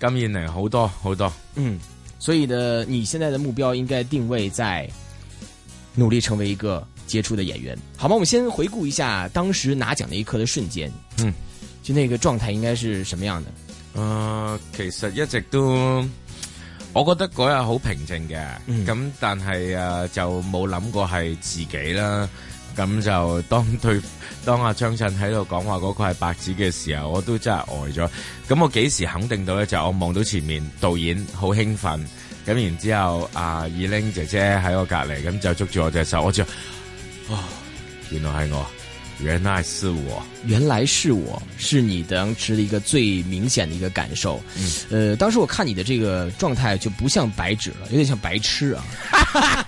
咁嘅嘢好多好多，嗯，所以呢，你現在的目標應該定位在努力成為一個傑出的演員，好嗎？我們先回顧一下當時拿獎那一刻的瞬間，嗯，就那個狀態應該是什麼樣的？啊、呃，其實一直都，我覺得嗰日好平靜嘅，咁、嗯、但係啊就冇諗過係自己啦。咁就 當對當阿張震喺度講話嗰個係白只嘅時候，我都真係呆咗。咁我幾時肯定到咧？就我望到前面導演好興奮，咁然之後阿二玲姐姐喺我隔籬，咁、嗯、就捉住我隻手，我就，哇、哦！原來係我，原來是我，原來是我是你當時嘅一個最明顯的一個感受。嗯，誒、呃，當時我看你的這個狀態就不像白只了，有點像白痴啊。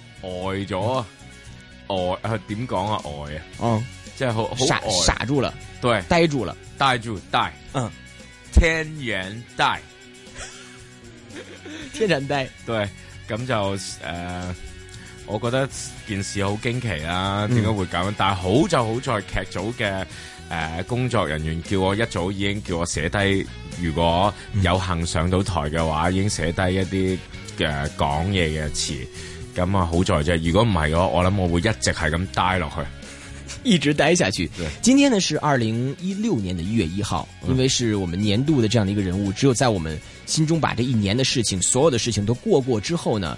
呆咗，呆，誒點講啊？呆啊，哦，oh. 即係好傻傻住啦，對，呆住啦呆住，呆，嗯、uh.，天然呆，天然呆，對，咁就誒、呃，我覺得件事好驚奇啦、啊，點解會咁、嗯？但係好就好在劇組嘅誒、呃、工作人員叫我一早已經叫我寫低，如果有幸上到台嘅話，已經寫低一啲嘅講嘢嘅詞。呃咁啊，好在啫！如果唔係嘅話，我諗我會一直係咁呆落去， 一直呆下去。今天呢，是二零一六年的一月一號，因為是我們年度的這樣的一個人物，只有在我們心中把這一年的事情，所有的事情都過過之後呢。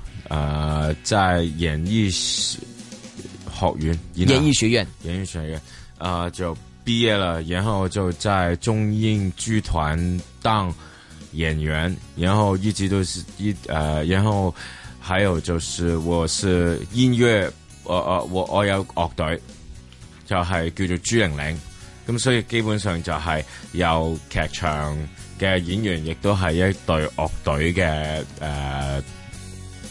誒、uh,，在演藝學院，演藝學院，演藝學院，誒、uh, 就畢業了，然後就在中英劇團當演員，然後一直都是一誒，uh, 然後還有就是我是音樂，我我我我有樂隊，就係、是、叫做朱玲玲，咁所以基本上就係有劇場嘅演員，亦都係一隊樂隊嘅誒。Uh,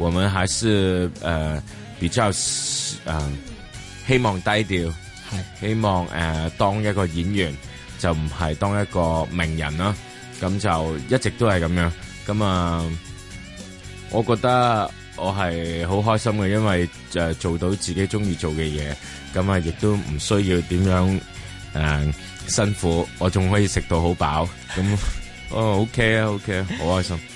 我們還是誒比較誒希望低調，係希望誒當一個演員就唔係當一個名人啦，咁就一直都係咁樣，咁啊我覺得我係好開心嘅，因為誒做到自己中意做嘅嘢，咁啊亦都唔需要點樣誒辛苦，我仲可以食到好飽，咁哦 OK 啊 OK 啊，好開心。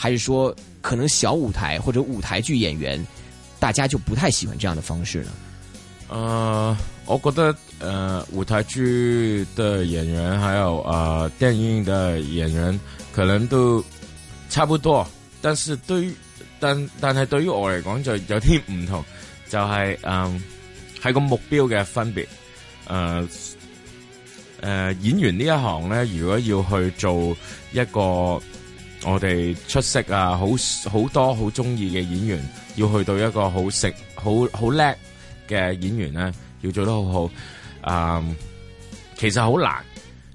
還是說可能小舞台或者舞台劇演員，大家就不太喜歡這樣的方式呢？誒、呃，我覺得誒、呃，舞台劇的演員，還有啊、呃、電影的演員，可能都差不多。但是對於，但但係對於我嚟講就有啲唔同，就係誒係個目標嘅分別。誒、呃、誒、呃，演員呢一行咧，如果要去做一個。我哋出色啊，好好多好中意嘅演員，要去到一個好食好好叻嘅演員咧，要做得好好。嗯，其實好難，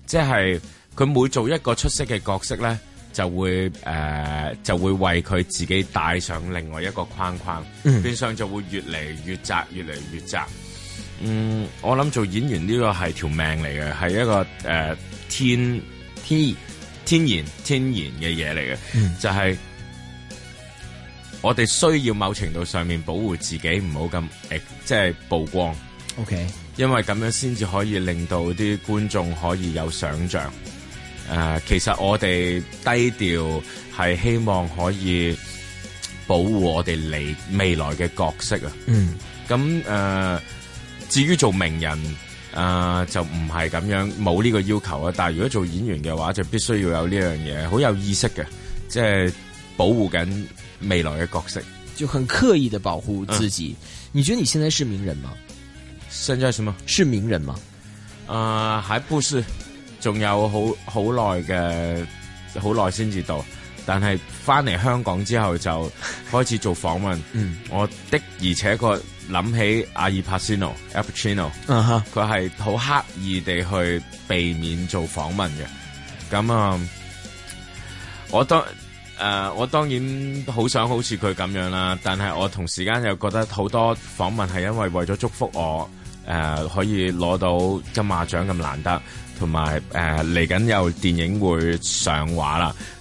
即係佢每做一個出色嘅角色咧，就會誒就會為佢自己帶上另外一個框框，變相就會越嚟越窄，越嚟越窄。嗯，我諗做演員呢個係條命嚟嘅，係一個誒天天。天然天然嘅嘢嚟嘅，就係我哋需要某程度上面保護自己，唔好咁誒，即係曝光。OK，因為咁樣先至可以令到啲觀眾可以有想象誒，其實我哋低調係希望可以保護我哋嚟未來嘅角色啊。嗯，咁誒，至於做名人。啊、呃，就唔係咁樣，冇呢個要求啊！但係如果做演員嘅話，就必須要有呢樣嘢，好有意識嘅，即係保護緊未來嘅角色，就很刻意地保護自己，啊。你覺得你現在是名人嗎？現在什麼？是名人嗎？啊、呃，還不是，仲有好好耐嘅，好耐先至到。但係翻嚟香港之後就開始做訪問。 嗯、我的而且確諗起阿爾帕先諾 （Al Pacino），佢係好刻意地去避免做訪問嘅。咁啊，我當誒、呃、我當然好想好似佢咁樣啦，但係我同時間又覺得好多訪問係因為為咗祝福我誒、呃、可以攞到金馬獎咁難得，同埋誒嚟緊有電影會上畫啦。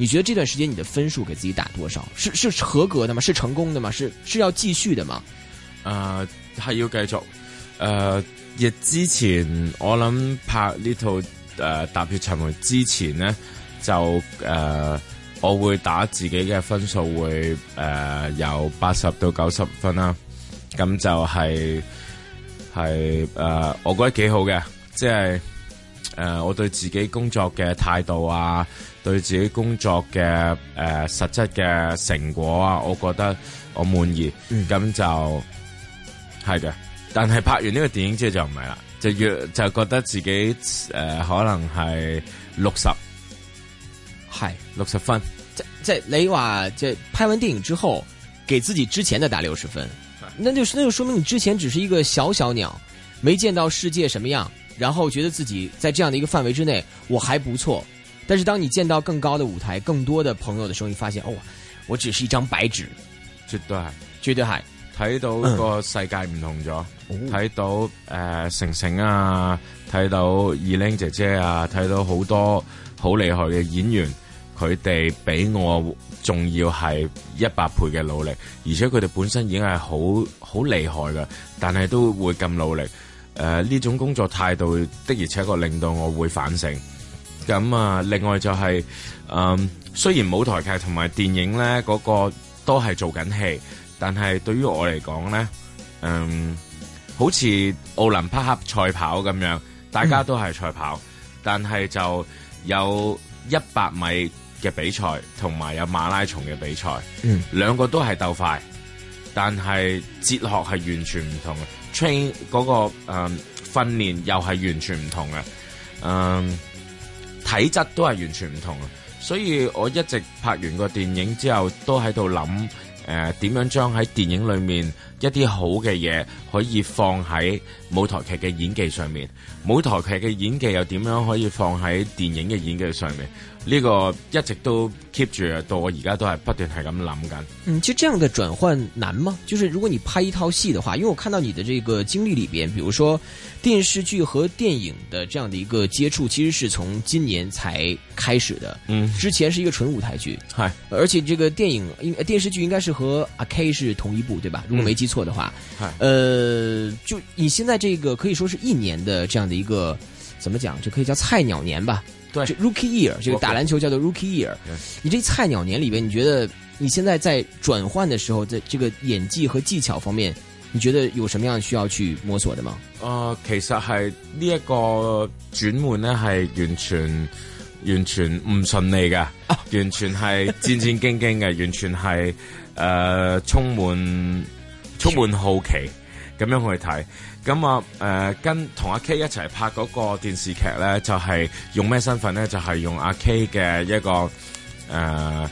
你覺得這段時間你的分數給自己打多少？是是合格的嗎？是成功的嗎？是是要繼續的嗎？啊、呃，係要繼續。誒、呃，亦之前我諗拍呢套誒《踏血尋梅》之前呢就誒、呃、我會打自己嘅分數會誒、呃、由八十到九十分啦。咁就係係誒，我覺得幾好嘅，即係誒我對自己工作嘅態度啊。對自己工作嘅誒、呃、實質嘅成果啊，我覺得我滿意，咁、嗯、就係嘅。但係拍完呢個電影之後就唔係啦，就越就覺得自己誒、呃、可能係六十，係六十分。在在雷瓦在拍完電影之後，給自己之前的打六十分，那就，那就說明你之前只是一個小小鳥，沒見到世界什麼樣，然後覺得自己在這樣的一個範圍之內我還不錯。但是當你見到更高的舞臺、更多的朋友的時候，你發現，哦，我只是一張白紙，絕對係，絕對係，睇到個世界唔同咗，睇、嗯、到誒成成、呃、啊，睇到二玲姐姐啊，睇到好多好厲害嘅演員，佢哋比我仲要係一百倍嘅努力，而且佢哋本身已經係好好厲害嘅，但係都會咁努力，誒、呃、呢種工作態度的而且確令到我會反省。咁啊，另外就係、是、誒、嗯，雖然舞台劇同埋電影呢嗰、那個都係做緊戲，但係對於我嚟講呢，嗯，好似奧林匹克賽跑咁樣，大家都係賽跑，嗯、但係就有一百米嘅比賽，同埋有馬拉松嘅比賽，兩、嗯、個都係鬥快，但係哲學係完全唔同嘅，train 嗰、那個誒訓練又係完全唔同嘅，嗯。體質都係完全唔同，所以我一直拍完個電影之後，都喺度諗誒，點樣將喺電影裏面一啲好嘅嘢可以放喺舞台劇嘅演技上面，舞台劇嘅演技又點樣可以放喺電影嘅演技上面？呢個一直都 keep 住啊，到我而家都係不斷係咁諗緊。嗯，其實這樣的轉換難嗎？就是如果你拍一套戲的話，因為我看到你的這個經歷裏邊，比如說電視劇和電影的這樣的一個接觸，其實是從今年才開始的。嗯，之前是一個純舞台劇，係，而且這個電影、電視劇應該是和阿 K 是同一部，對吧？如果沒記錯的話，係，呃，就你現在。這個可以說是一年的這樣的一個，怎麼講？就可以叫菜鳥年吧。對，Rookie Year，這個打籃球叫做 Rookie Year。你這菜鳥年裏面，你覺得你現在在轉換的時候，在這個演技和技巧方面，你覺得有什麼樣需要去摸索的嗎？啊、呃，其實係呢一個轉換呢，係完全完全唔順利嘅，完全係、啊、戰戰兢兢嘅， 完全係誒、呃、充滿充滿好奇咁樣去睇。咁我誒、呃、跟同阿 K 一齊拍嗰個電視劇咧，就係、是、用咩身份咧？就係、是、用阿 K 嘅一個誒戲、呃、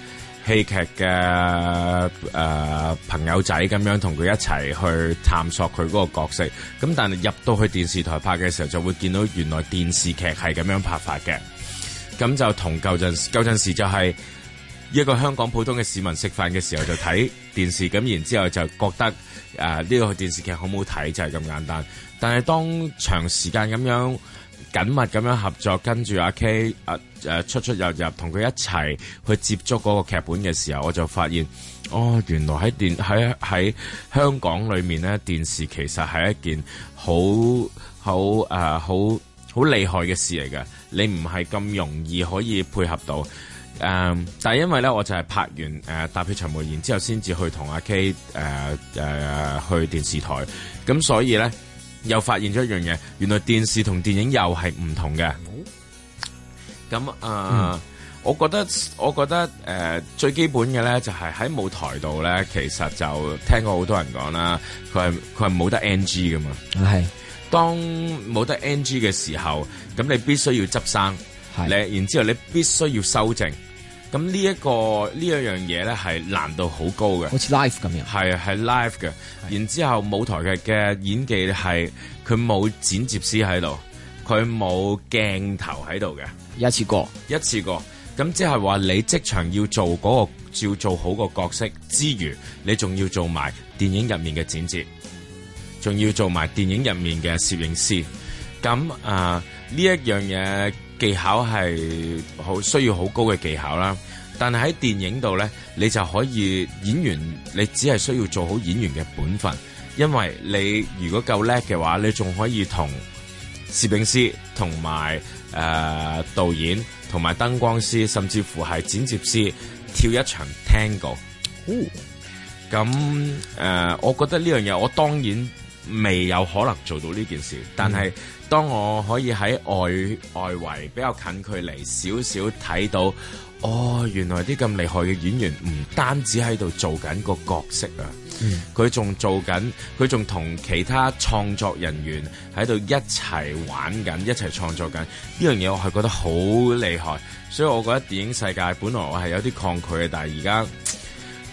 劇嘅誒、呃、朋友仔咁樣同佢一齊去探索佢嗰個角色。咁但係入到去電視台拍嘅時候，就會見到原來電視劇係咁樣拍法嘅。咁就同舊陣舊陣時時就係、是。一個香港普通嘅市民食飯嘅時候就睇電視，咁然之後就覺得誒呢、呃這個電視劇好唔好睇就係、是、咁簡單。但係當長時間咁樣緊密咁樣合作，跟住阿 K 誒、呃、誒出出入入同佢一齊去接觸嗰個劇本嘅時候，我就發現哦，原來喺電喺喺香港裏面咧電視其實係一件好好誒好好厲害嘅事嚟嘅，你唔係咁容易可以配合到。誒、um,，但係因為咧，我就係拍完誒、呃《踏雪尋梅》，然之後先至去同阿 K 誒誒去電視台，咁所以咧又發現咗一樣嘢，原來電視同電影又係唔同嘅。咁啊、呃嗯，我覺得我覺得誒、呃、最基本嘅咧，就係、是、喺舞台度咧，其實就聽過好多人講啦，佢係佢係冇得 NG 噶嘛。係、啊，當冇得 NG 嘅時候，咁你必須要執生，係、你然之後你必須要修正。咁呢一個呢樣樣嘢咧，係、這個、難度好高嘅。好似 live 咁樣，係係 live 嘅。然之後舞台嘅嘅演技係佢冇剪接師喺度，佢冇鏡頭喺度嘅，一次過一次過。咁即係話你即場要做嗰、那個，照做好個角色之餘，你仲要做埋電影入面嘅剪接，仲要做埋電影入面嘅攝影師。咁啊呢一樣嘢。技巧係好需要好高嘅技巧啦，但係喺電影度呢，你就可以演員，你只係需要做好演員嘅本分，因為你如果夠叻嘅話，你仲可以同攝影師同埋誒導演同埋燈光師，甚至乎係剪接師跳一場 tango，咁誒、哦呃，我覺得呢樣嘢我當然。未有可能做到呢件事，但係當我可以喺外外圍比較近距離少少睇到，哦，原來啲咁厲害嘅演員唔單止喺度做緊個角色啊，嗯，佢仲做緊，佢仲同其他創作人員喺度一齊玩緊，一齊創作緊呢樣嘢，我係覺得好厲害，所以我覺得電影世界本來我係有啲抗拒嘅，但係而家。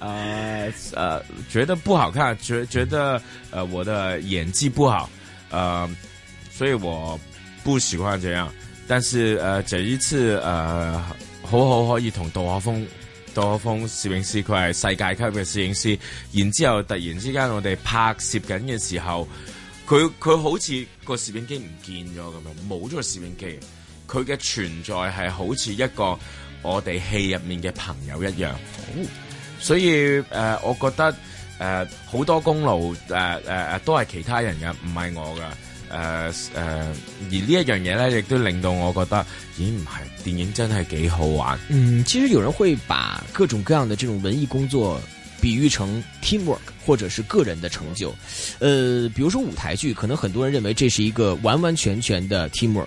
誒誒，覺得不好看，覺覺得誒、uh, 我的演技不好，誒、uh,，所以我不喜歡這樣。但是誒，uh, 這一次誒、uh,，好好可以同杜可風，杜可風攝影師佢係世界級嘅攝影師。然之後突然之間我哋拍攝緊嘅時候，佢佢好似個攝影機唔見咗咁樣，冇咗個攝影機，佢嘅存在係好似一個。我哋戲入面嘅朋友一樣，所以誒，我覺得誒，好多功勞誒誒誒，都係其他人嘅，唔係我噶，誒誒，而呢一樣嘢咧，亦都令到我覺得，咦，唔係電影真係幾好玩。嗯，其實有人會把各種各樣的這種文藝工作比喻成 teamwork，或者是個人的成就。誒、呃，比如說舞台劇，可能很多人認為這是一個完完全全的 teamwork。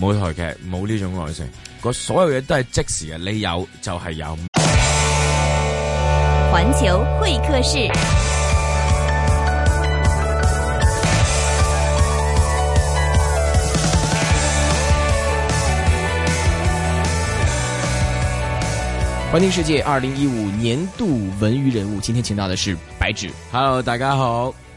舞台劇冇呢種耐性，我所有嘢都係即時嘅，你有就係有。環球會客室，寰聽世界二零一五年度文娛人物，今天請到的是白只。Hello，大家好。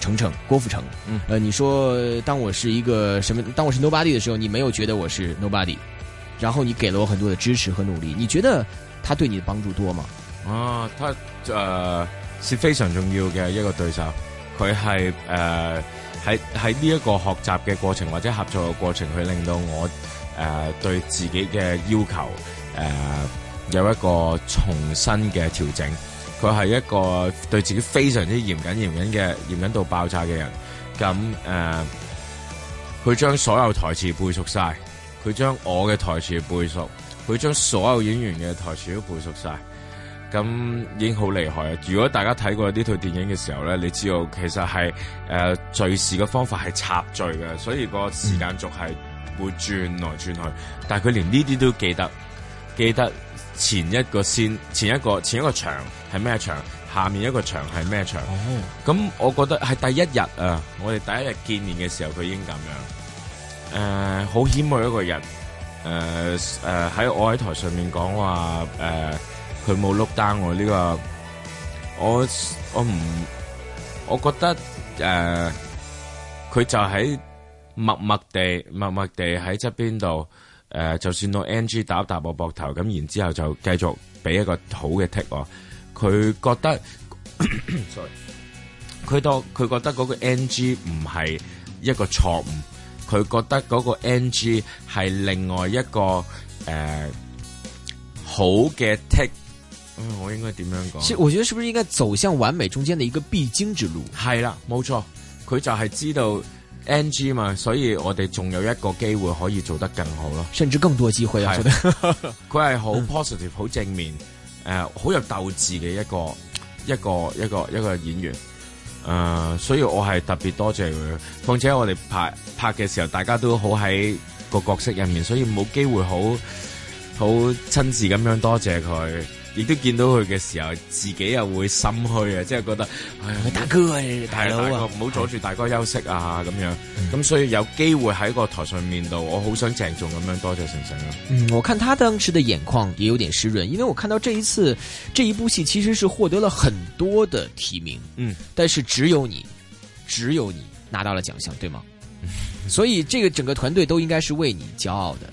程程郭富城，嗯，誒，你說當我是一個什麼，當我是 nobody 的時候，你沒有覺得我是 nobody，然後你給了我很多的支持和努力，你覺得他對你的幫助多嗎？啊，他誒、呃、是非常重要嘅一個對手，佢係誒喺喺呢一個學習嘅過程或者合作嘅過程，佢令到我誒、呃、對自己嘅要求誒、呃、有一個重新嘅調整。佢係一個對自己非常之嚴謹、嚴謹嘅、嚴謹到爆炸嘅人。咁誒，佢、呃、將所有台詞背熟晒，佢將我嘅台詞背熟，佢將所有演員嘅台詞都背熟晒。咁已經好厲害啦！如果大家睇過呢套電影嘅時候咧，你知道其實係誒敘事嘅方法係插敘嘅，所以個時間軸係會轉來轉去。嗯、但係佢連呢啲都記得。記得前一個線、前一個前一個場係咩場？下面一個場係咩場？咁我覺得係第一日啊！我哋第一日見面嘅時候，佢已經咁樣。誒，好謙虛一個人。誒誒，喺我喺台上面講話，誒，佢冇 look down 我呢個。我我唔，我覺得誒，佢就喺默默地默默地喺側邊度。誒、呃，就算到 NG 打打我膊頭，咁然之後就繼續俾一個好嘅 take，佢覺得，sorry，佢當佢覺得嗰個 NG 唔係一個錯誤，佢覺得嗰個 NG 係另外一個誒、呃、好嘅 take。我應該點樣講？我覺得，是不是應該走向完美中間的一個必經之路？係啦，冇錯，佢就係知道。N G 嘛，所以我哋仲有一個機會可以做得更好咯，甚至更多機會啊！我覺得佢係好 positive、好正面，誒、呃，好有鬥志嘅一個一個一個一個演員，誒、呃，所以我係特別多謝佢。況且我哋拍拍嘅時候，大家都好喺個角色入面，所以冇機會好好親自咁樣多謝佢。亦都見到佢嘅時候，自己又會心虛啊，即、就、係、是、覺得，哎呀，大哥啊，哎、大佬啊，唔好阻住大哥休息啊，咁樣。咁、嗯、所以有機會喺個台上面度，我好想鄭重咁樣多謝成成啊。嗯，我看他當時的眼眶也有點濕潤，因為我看到這一次這一部戲其實是獲得了很多的提名，嗯，但是只有你，只有你拿到了獎項，對嗎？嗯、所以這個整個團隊都應該是為你驕傲的。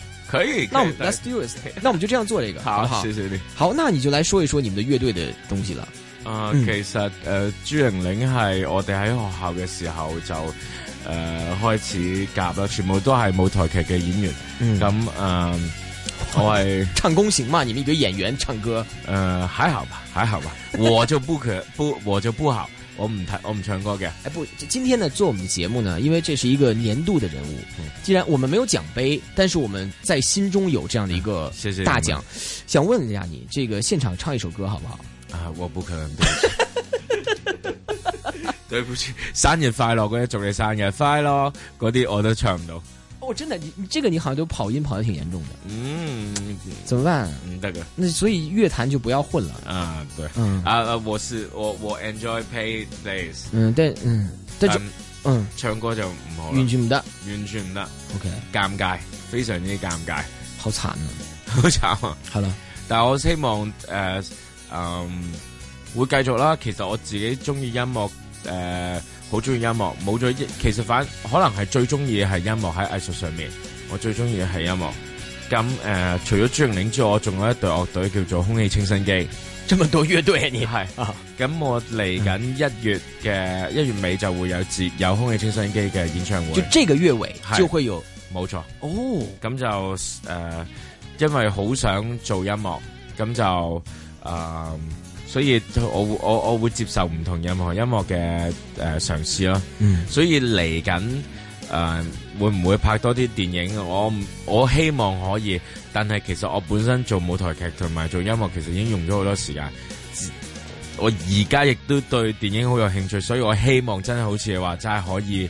可以，可以，那我們 let's do it。 那我們就這樣做這個，好，好好謝謝你好。那你就來說一說你們的樂隊的東西了啊、呃。其實、嗯、呃，朱凌凌係我哋喺學校嘅時候就呃開始夾啦，全部都係舞台劇嘅演員。嗯，呃、我誒， 唱功行嘛你們一個演員唱歌，呃，還好吧，還好吧，我就不可不，我就不好。我唔聽我唔唱歌嘅，哎不，今天呢做我們的節目呢，因為這是一個年度的人物，既然我們沒有獎杯，但是我們在心中有這樣的一個大獎，嗯、少少想問一下你，這個現場唱一首歌好不好？啊，我不可能，對不， 對不起，生日快樂嗰啲祝你生日快樂嗰啲我都唱唔到。Oh, 真的，你你這個你好像都跑音跑得挺嚴重的，嗯，怎麼辦，大哥？那所以樂壇就不要混了啊，對，嗯啊、uh, uh,，我是我我 enjoy pay days，嗯，對，嗯但嗯但就嗯唱歌就唔好了，完全唔得，完全唔得，OK，尷尬，非常之尷尬，好慘啊， 好慘啊，係喇，但我希望誒，嗯、呃呃，會繼續啦。其實我自己中意音樂誒。呃好中意音樂，冇咗一，其實反可能係最中意嘅係音樂，喺藝術上面，我最中意嘅係音樂。咁誒、呃，除咗朱凌凌之外，我仲有一隊樂隊叫做空氣清新機。咁啊，咁、啊、我嚟緊一月嘅一月尾就會有節有空氣清新機嘅演唱會。就這個月尾就會有，冇錯哦。咁就誒、呃，因為好想做音樂，咁就誒。呃所以我，我我我會接受唔同任何音樂嘅誒、呃、嘗試咯。嗯、所以嚟緊誒，會唔會拍多啲電影？我我希望可以，但係其實我本身做舞台劇同埋做音樂，其實已經用咗好多時間。我而家亦都對電影好有興趣，所以我希望真係好似你話真係可以。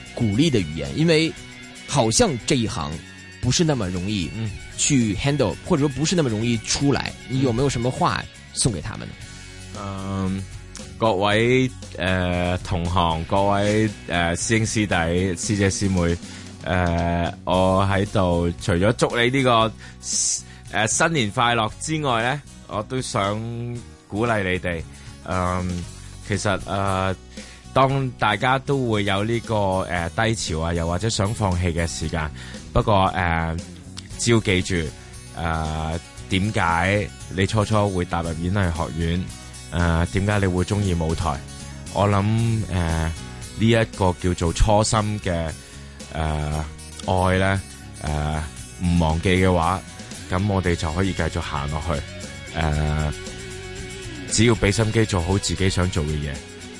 鼓勵的語言，因為好像這一行不是那麼容易去 handle，或者說不是那麼容易出來。你有沒有什麼話送給他們？嗯，各位誒、呃、同行，各位誒、呃、師兄師弟師姐師妹，誒、呃、我喺度除咗祝你呢、這個誒、呃、新年快樂之外咧，我都想鼓勵你哋、呃。其實誒。呃當大家都會有呢、這個誒、呃、低潮啊，又或者想放棄嘅時間，不過誒、呃，只要記住誒點解你初初會踏入演藝學院誒，點解、呃、你會中意舞台？我諗誒呢一個叫做初心嘅誒、呃、愛咧誒唔忘記嘅話，咁我哋就可以繼續行落去誒、呃，只要俾心機做好自己想做嘅嘢。